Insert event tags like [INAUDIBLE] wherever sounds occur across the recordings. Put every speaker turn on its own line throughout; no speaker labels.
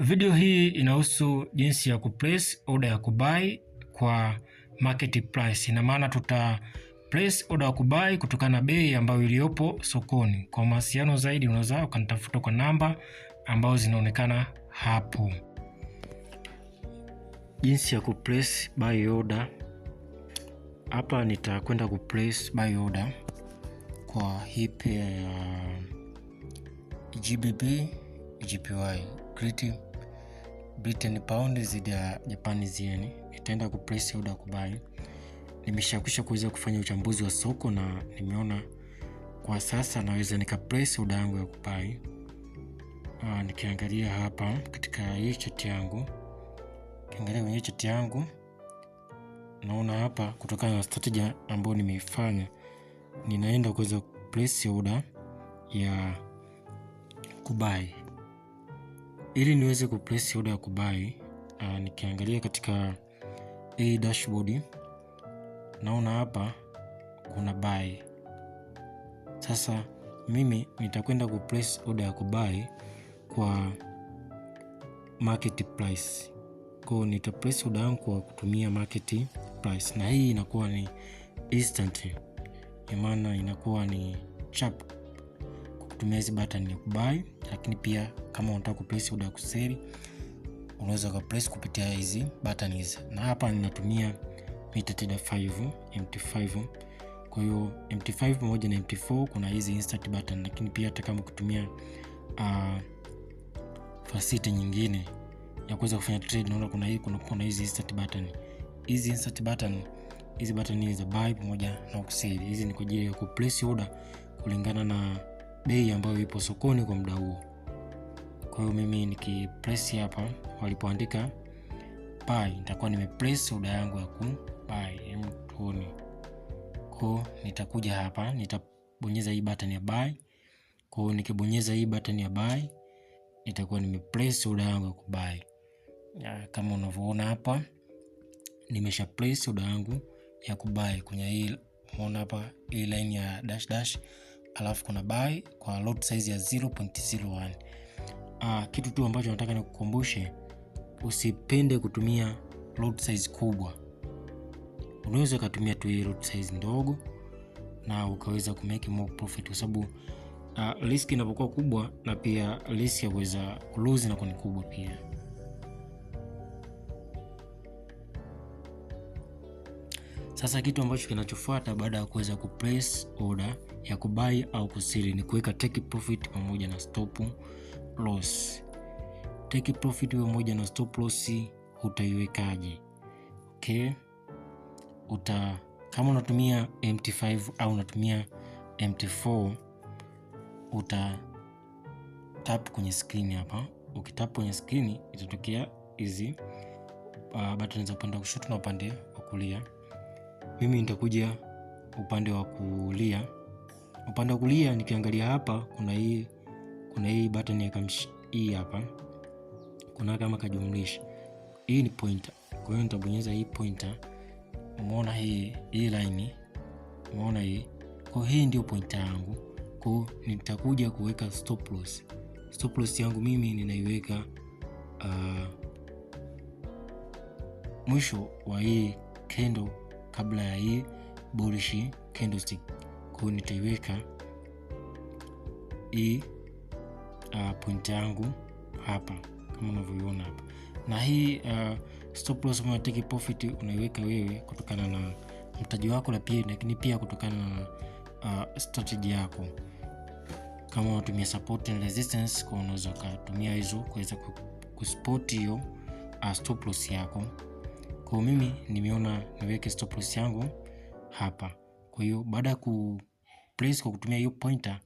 Video hii inahusu jinsi ya kuplace order ya kubai kwa market price. Ina maana tuta place order ya kubai kutokana na bei ambayo iliyopo sokoni. Kwa mawasiliano zaidi, unaweza ukanitafuta kwa namba ambazo zinaonekana hapo. Jinsi ya kuplace buy order, hapa nitakwenda kuplace buy order kwa hii pair ya GBP GPY. Kriti Britain paundi zidi ya Japani zieni itaenda kupresi oda kubai. Nimeshakwisha kuweza kufanya uchambuzi wa soko na nimeona kwa sasa naweza nikapresi oda yangu ya kubai. Aa, ah, nikiangalia hapa katika hii chati yangu, kiangalia kwenye chati yangu naona hapa, kutokana na strategy ambayo nimeifanya, ninaenda kuweza kupresi oda ya kubai ili niweze kuplace order ya kubai uh, nikiangalia katika hii dashboard naona hapa kuna buy. Sasa mimi nitakwenda kupress order ya kubai kwa market price, kwa nita order yangu kwa kutumia market price, na hii inakuwa ni instant, maana inakuwa ni chap kutumia hizi button ni kubai, lakini pia kama unataka kupress order ya kuseli unaweza ukaplace kupitia hizi button hizi, na hapa ninatumia MetaTrader 5 MT5. Kwa hiyo MT5 pamoja na MT4 kuna hizi instant button, lakini pia hata kama kutumia uh, ah, fasiti nyingine ya kuweza kufanya trade, naona kuna hii kuna kuna hizi instant button, hizi instant button hizi button hizi za buy pamoja na kusell, hizi ni kwa ajili ya ku kuplace order kulingana na bei ambayo ipo sokoni kwa muda huo. Kwa hiyo mimi nikipress hapa walipoandika buy, nitakuwa nimepress oda yangu ya ku buy m Kwa nitakuja hapa nitabonyeza hii button ya buy. Kwa hiyo nikibonyeza hii button ya buy nitakuwa nimepress oda yangu ya ku buy. Kama unavyoona hapa nimesha place oda yangu ya kubai kwenye hii, umeona hapa hii line ya dash dash alafu kuna buy kwa lot size ya 0.01. Uh, ah, kitu tu ambacho nataka nikukumbushe, usipende kutumia lot size kubwa. Unaweza ukatumia tu lot size ndogo na ukaweza kumake more profit kwa sababu uh, risk inapokuwa kubwa na pia risk ya kuweza kulose na kuni kubwa pia. Sasa kitu ambacho kinachofuata baada ya kuweza kuplace order ya kubai au kusili ni kuweka take profit pamoja na stop loss. Take profit pamoja na stop loss utaiwekaje? Okay. Uta, kama unatumia MT5 au unatumia MT4 uta tap kwenye skrini hapa. Ukitap kwenye skrini itatokea hizi uh, button za upande wa kushoto na upande wa kulia. Mimi nitakuja upande wa kulia upande wa kulia nikiangalia hapa kuna hii kuna hii button ya kamsh, hii hapa kuna kama kajumlisha, hii ni pointer. Kwa hiyo nitabonyeza hii pointer, umeona hii hii line, umeona hii. Kwa hii ndio pointer yangu, kwa nitakuja kuweka stop loss. Stop loss yangu mimi ninaiweka uh, mwisho wa hii kendo kabla ya hii bullish candlestick kwa nitaiweka hii uh, point yangu hapa kama unavyoiona hapa na hii uh, stop loss ama take profit unaiweka wewe kutokana na mtaji wako la pia lakini pia kutokana na uh, strategy yako kama unatumia support and resistance kwa unaweza ukatumia hizo kuweza kuspot hiyo uh, stop loss yako kwa mimi nimeona niweke stop loss yangu hapa kwa hiyo baada ya place kwa kutumia hiyo pointer,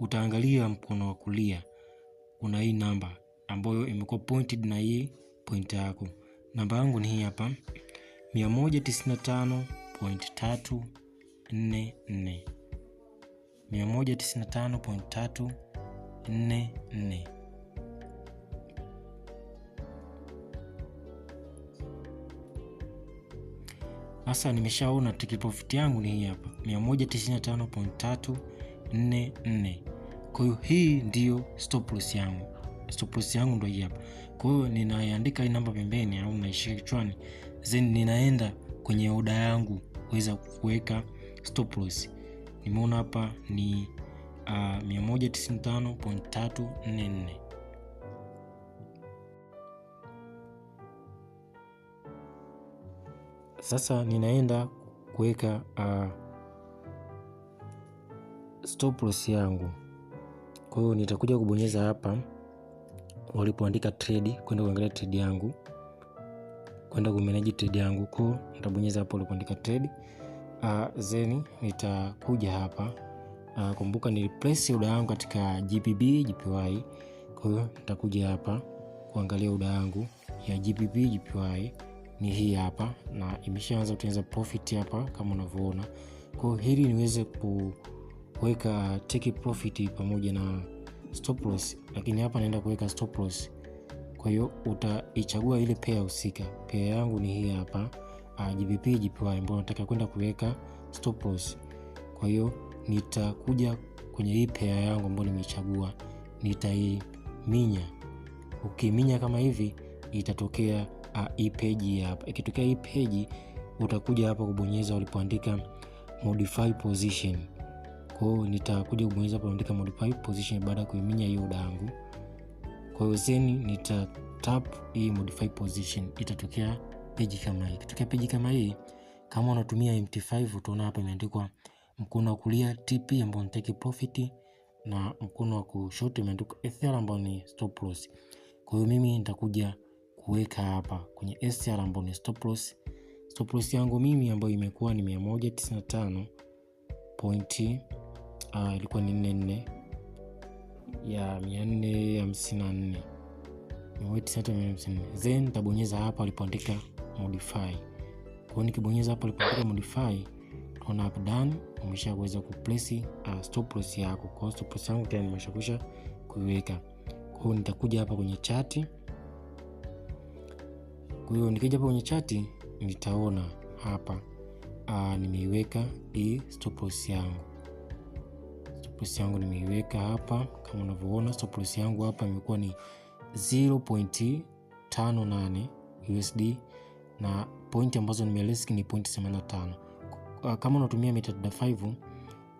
utaangalia mkono wa kulia kuna hii namba ambayo imekuwa pointed na hii pointer yako. Namba yangu ni hii hapa 195.344 195.344 hasa nimeshaona take profit yangu ni hii hapa 195.344. Kwa hiyo hii ndiyo stop loss yangu. Stop loss yangu ndio hii hapa. Kwa hiyo ninaiandika hii namba pembeni au naishika kichwani. Then ninaenda kwenye oda yangu kuweza kuweka stop loss. Nimeona hapa ni uh, ah, 195.344. Sasa ninaenda kuweka uh, stop loss yangu. Kwa hiyo nitakuja kubonyeza hapa walipoandika trade, kwenda kuangalia trade yangu, kwenda kumeneji trade yangu. Kwa hiyo nitabonyeza hapo walipoandika trade uh, then nitakuja hapa uh, kumbuka niliplace order yangu katika gpb JPY. Kwa hiyo nitakuja hapa kuangalia order yangu ya gpb JPY ni hii hapa na imeshaanza kutengeneza profit hapa kama unavyoona. Kwa hiyo hili niweze kuweka take profit pamoja na stop loss, lakini hapa naenda kuweka stop loss. Kwa hiyo utaichagua ile pair husika. Pair yangu ni hii hapa uh, ah, GBP GPY ambayo nataka kwenda kuweka stop loss. Kwa hiyo nitakuja kwenye hii pair yangu ambayo nimeichagua nitaiminya. Ukiminya kama hivi itatokea uh, hii peji hapa. Ikitokea hii peji, utakuja hapa kubonyeza ulipoandika modify position. Kwa hiyo nitakuja kubonyeza hapa kuandika modify position baada ya kuiminya hiyo oda yangu. Kwa hiyo zeni nita tap hii modify position, itatokea peji kama hii. Ikitokea peji kama hii, kama unatumia MT5 utaona hapa imeandikwa mkono wa kulia TP ambao ni take profit na mkono wa kushoto imeandikwa Ether ambao ni stop loss. Kwa hiyo mimi nitakuja kuweka hapa kwenye STR ambao ni stop loss. Stop loss yangu mimi ambayo imekuwa ni 195 point pointi uh, ilikuwa ni 44 ya 454 then tabonyeza hapa alipoandika modify. Kwa hiyo nikibonyeza hapa alipoandika modify tunaona hapa done umeshaweza kuweza kuplace uh, stop loss yako. Kwa stop loss yangu tayari nimeshakwisha kuiweka. Kwa hiyo nitakuja hapa kwenye chati kwa hiyo nikija hapa kwenye chati nitaona hapa ah, nimeiweka hii stop loss yangu. Stop loss yangu nimeiweka hapa kama unavyoona, stop loss yangu hapa imekuwa ni 0.58 USD na point ambazo nimerisk ni pointi 85. Ah, kama unatumia MetaTrader 5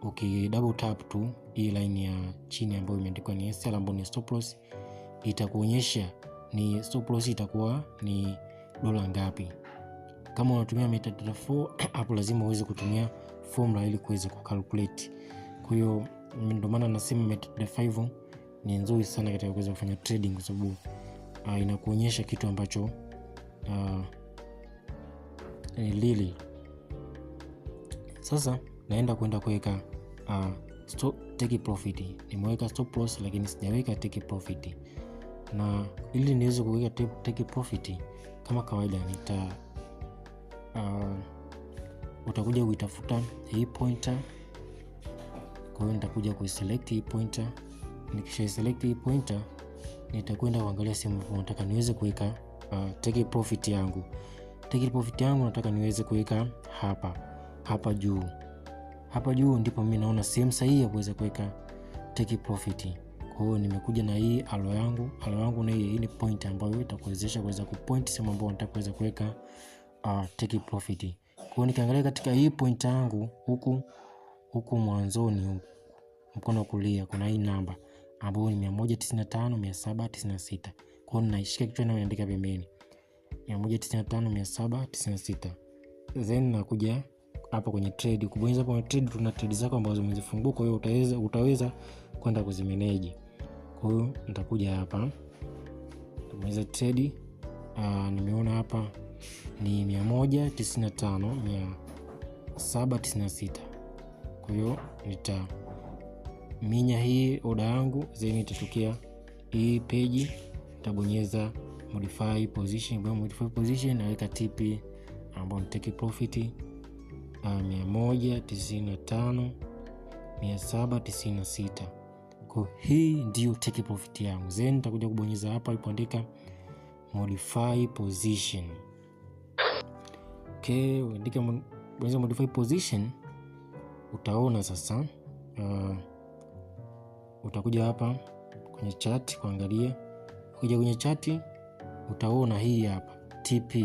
uki double tap tu hii line ya chini ambayo imeandikwa ni SL ambayo ni stop loss itakuonyesha ni stop loss itakuwa ni dola ngapi. Kama unatumia metadata 4 [CLEARS THROAT] hapo lazima uweze kutumia formula ili kuweza kucalculate. Kwa hiyo ndio maana nasema metadata 5 ni nzuri sana katika kuweza kufanya trading kwa sababu uh, inakuonyesha kitu ambacho uh, lili. Sasa naenda kwenda kuweka uh, ah, stop take profit. Nimeweka stop loss lakini sijaweka take profit na ili niweze kuweka take profit kama kawaida nita uh, utakuja kuitafuta hii pointer kwa hiyo nitakuja kuiselect hii pointer select hii pointer nitakwenda kuangalia sehemu ambapo nataka niweze kuweka uh, take profit yangu take profit yangu nataka niweze kuweka hapa hapa juu hapa juu ndipo mimi naona sehemu sahihi ya kuweza kuweka take profit kwa hiyo nimekuja na hii alo yangu, alo yangu na hii ni point ambayo itakuwezesha kuweza kupoint sehemu ambayo nataka kuweza kuweka uh, take profit. Kwa hiyo nikiangalia katika hii point yangu huku huku mwanzoni mkono kulia kuna hii namba ambayo ni 195 796. Kwa hiyo naishika kichwa na naandika pembeni 195 796. Then nakuja hapa kwenye trade, kubonyeza hapo kwenye trade, tuna trade zako ambazo umezifungua, kwa hiyo utaweza utaweza kwenda kuzimeneji huyu nitakuja hapa tumeweza trade. Uh, nimeona hapa ni 195 796 kwa hiyo nitaminya hii oda yangu zeni, itatokea hii peji, nitabonyeza modify position. Kwa modify position naweka TP ambao ni take profit uh, 195 796 kwa hii ndiyo take profit yangu, then nitakuja kubonyeza hapa alipoandika modify position. Okay, uandike bonyeza modify position, utaona sasa uh, utakuja hapa kwenye chat kuangalia. Ukija kwenye chati utaona hii hapa TP.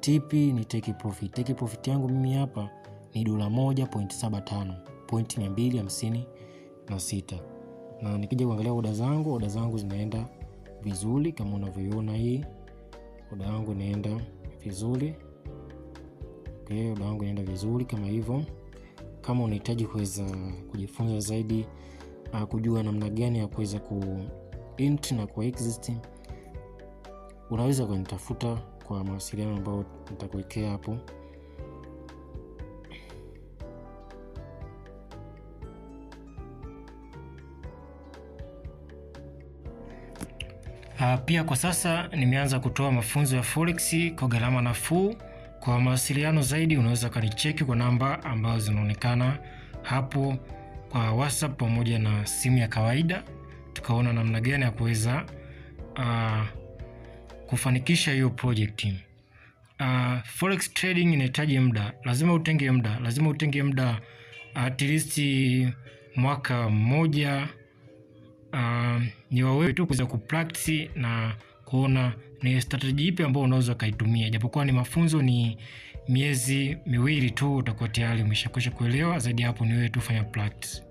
TP ni take profit. Take profit yangu mimi hapa ni dola 1.75 na sita na nikija kuangalia oda zangu, oda zangu zinaenda vizuri kama unavyoiona hii oda yangu inaenda vizuri. Okay, oda yangu inaenda vizuri kama hivyo. Kama unahitaji kuweza kujifunza zaidi uh, kujua namna gani ya kuweza ku int na ku exit, unaweza kunitafuta kwa mawasiliano ambayo nitakuwekea hapo. Ah, pia kwa sasa nimeanza kutoa mafunzo ya forex kwa gharama nafuu. Kwa mawasiliano zaidi, unaweza ukanicheki kwa namba ambazo zinaonekana hapo kwa WhatsApp pamoja na simu ya kawaida, tukaona namna gani ya kuweza uh, kufanikisha hiyo project. Uh, forex trading inahitaji muda, lazima utenge muda, lazima utenge muda at least mwaka mmoja uh, ni wawewe tu kuweza kupractice na kuona ni strateji ipi ambayo unaweza ukaitumia. Japokuwa ni mafunzo, ni miezi miwili tu, utakuwa tayari umeshakwisha kuelewa. Zaidi ya hapo, ni wewe tu fanya practice.